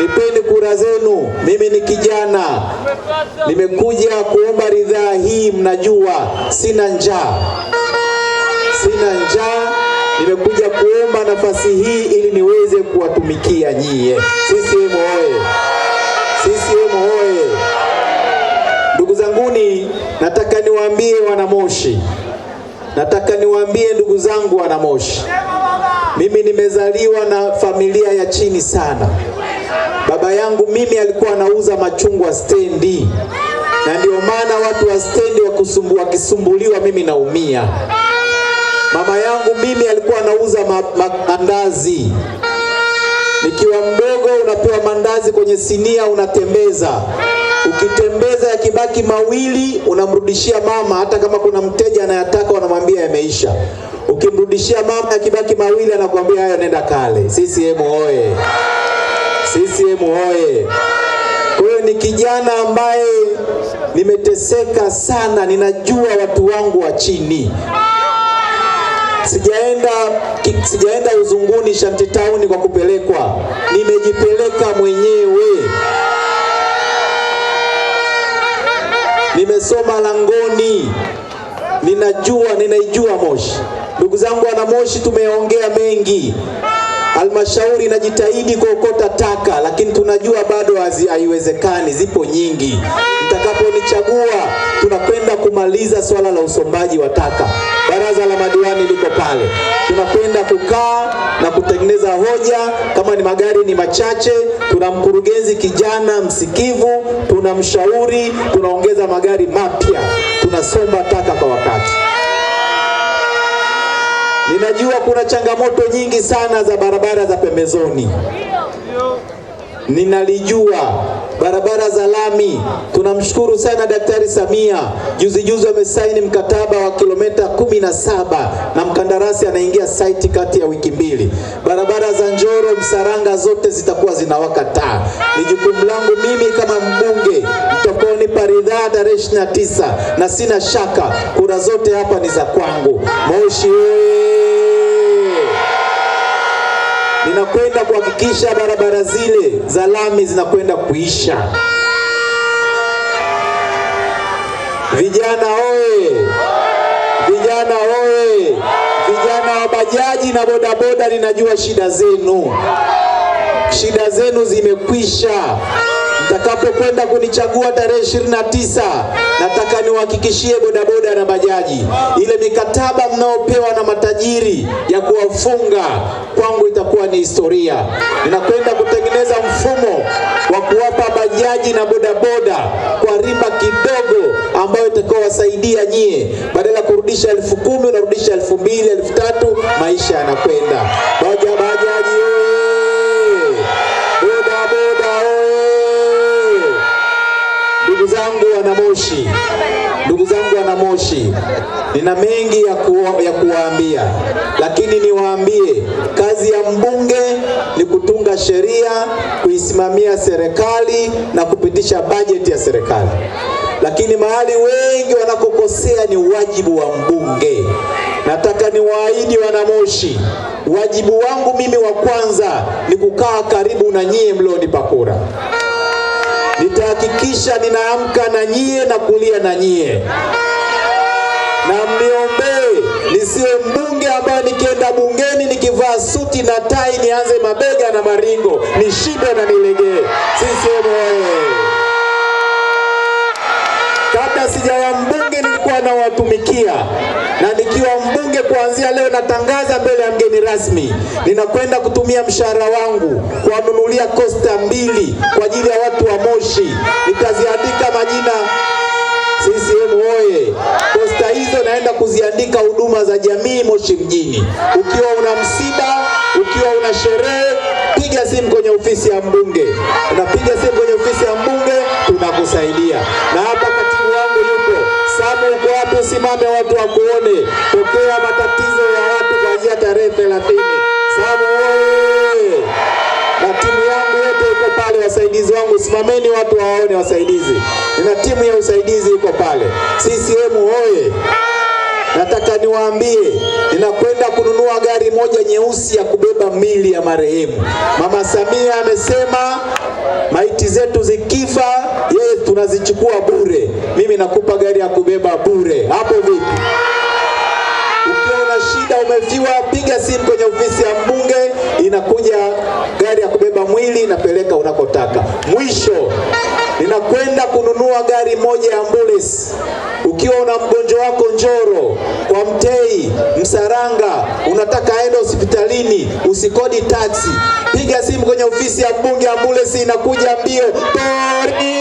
nipeni kura zenu. Mimi ni kijana, nimekuja kuomba ridhaa hii. Mnajua sina njaa, sina njaa. Nimekuja kuomba nafasi hii ili niweze kuwatumikia nyie. CCM oye! CCM oye! Ndugu zanguni, nataka niwaambie wanamoshi, nataka niwaambie ndugu zangu wanamoshi, mimi nimezaliwa na familia ya chini sana. Baba yangu mimi alikuwa anauza machungwa stendi, na ndio maana watu wa stendi wakisumbuliwa mimi naumia. Mama yangu mimi alikuwa anauza ma ma mandazi nikiwa mdogo, unapewa mandazi kwenye sinia, unatembeza ukitembeza yakibaki mawili unamrudishia mama, hata kama kuna mteja anayataka wanamwambia yameisha. Ukimrudishia mama yakibaki mawili anakuambia haya, nenda kale. CCM oye! CCM oye! Kwa hiyo ni kijana ambaye nimeteseka sana, ninajua watu wangu wa chini. Sijaenda, sijaenda uzunguni shanti Town kwa kupelekwa, nimejipeleka mwenyewe. Nimesoma langoni, ninajua ninaijua Moshi. Ndugu zangu wana Moshi, tumeongea mengi Halmashauri inajitahidi kuokota taka, lakini tunajua bado haiwezekani, zipo nyingi. Mtakaponichagua, tunakwenda kumaliza swala la usombaji wa taka. Baraza la madiwani liko pale, tunakwenda kukaa na kutengeneza hoja. Kama ni magari ni machache, tuna mkurugenzi kijana msikivu, tunamshauri, tunaongeza magari mapya, tunasomba taka kwa wakati. Ninajua kuna changamoto nyingi sana za barabara za pembezoni, ninalijua barabara za lami. Tunamshukuru sana Daktari Samia, juzi juzi wamesaini mkataba wa kilomita kumi na saba na mkandarasi anaingia saiti kati ya wiki mbili. Barabara za Njoro, Msaranga zote zitakuwa zinawaka taa. Ni jukumu langu mimi kama mbunge, mtoponi paridhaa tarehe 29 na sina shaka kura zote hapa ni za kwangu. Moshi tunakwenda kuhakikisha barabara zile za lami zinakwenda kuisha. Vijana oye! Vijana oye! Vijana wa bajaji na bodaboda, ninajua shida zenu, shida zenu zimekwisha. Mtakapokwenda kunichagua tarehe ishirini na tisa, nataka niwahakikishie bodaboda na bajaji, ile mikataba mnayopewa na matajiri ya kuwafunga kwangu itakuwa ni historia. Ninakwenda kutengeneza mfumo wa kuwapa bajaji na bodaboda kwa riba kidogo ambayo itakaowasaidia nyie, badala ya kurudisha elfu kumi unarudisha elfu mbili elfu tatu maisha yanakwenda bajaji Wanamoshi, ndugu zangu Wanamoshi, nina mengi ya, kuwa, ya kuwaambia, lakini niwaambie kazi ya mbunge ni kutunga sheria, kuisimamia serikali na kupitisha bajeti ya serikali. Lakini mahali wengi wanakokosea ni wajibu wa mbunge. Nataka niwaahidi Wanamoshi, wajibu wangu mimi wa kwanza ni kukaa karibu na nyie mlionipa kura nitahakikisha ninaamka na nyie na kulia na nyie, na mniombee nisiwe mbunge ambaye nikienda bungeni nikivaa suti na tai nianze mabega na maringo nishibe na nilegee. sisiemu oyee! Kabla sijawa mbunge nilikuwa nawatumikia na kuanzia leo natangaza mbele ya mgeni rasmi, ninakwenda kutumia mshahara wangu kuwanunulia kosta mbili kwa ajili ya watu wa Moshi. Nitaziandika majina CCM oye! Kosta hizo naenda kuziandika huduma za jamii Moshi mjini. Ukiwa una msiba, ukiwa una sherehe, piga simu kwenye ofisi ya mbunge, unapiga simu kwenye ofisi ya mbunge, tunakusaidia na hapa Samu, uko wapi? Usimame, watu wakuone. Pokea na mbili. Na timu yangu yote iko pale, wasaidizi wangu, simameni watu waone wasaidizi. ina timu ya usaidizi iko pale. CCM oye. Nataka niwaambie ninakwenda kununua gari moja nyeusi ya kubeba mili ya marehemu. Mama Samia amesema maiti zetu zikifa, yeye tunazichukua bure. Mimi nakupa gari ya kubeba bure. Hapo vipi? shida umefiwa, piga simu kwenye ofisi ya mbunge, inakuja gari ya kubeba mwili inapeleka unakotaka. Mwisho, ninakwenda kununua gari moja ya ambulance. Ukiwa una mgonjwa wako Njoro, kwa Mtei, Msaranga, unataka aende hospitalini, usikodi taxi, piga simu kwenye ofisi ya mbunge, ambulance inakuja mbio.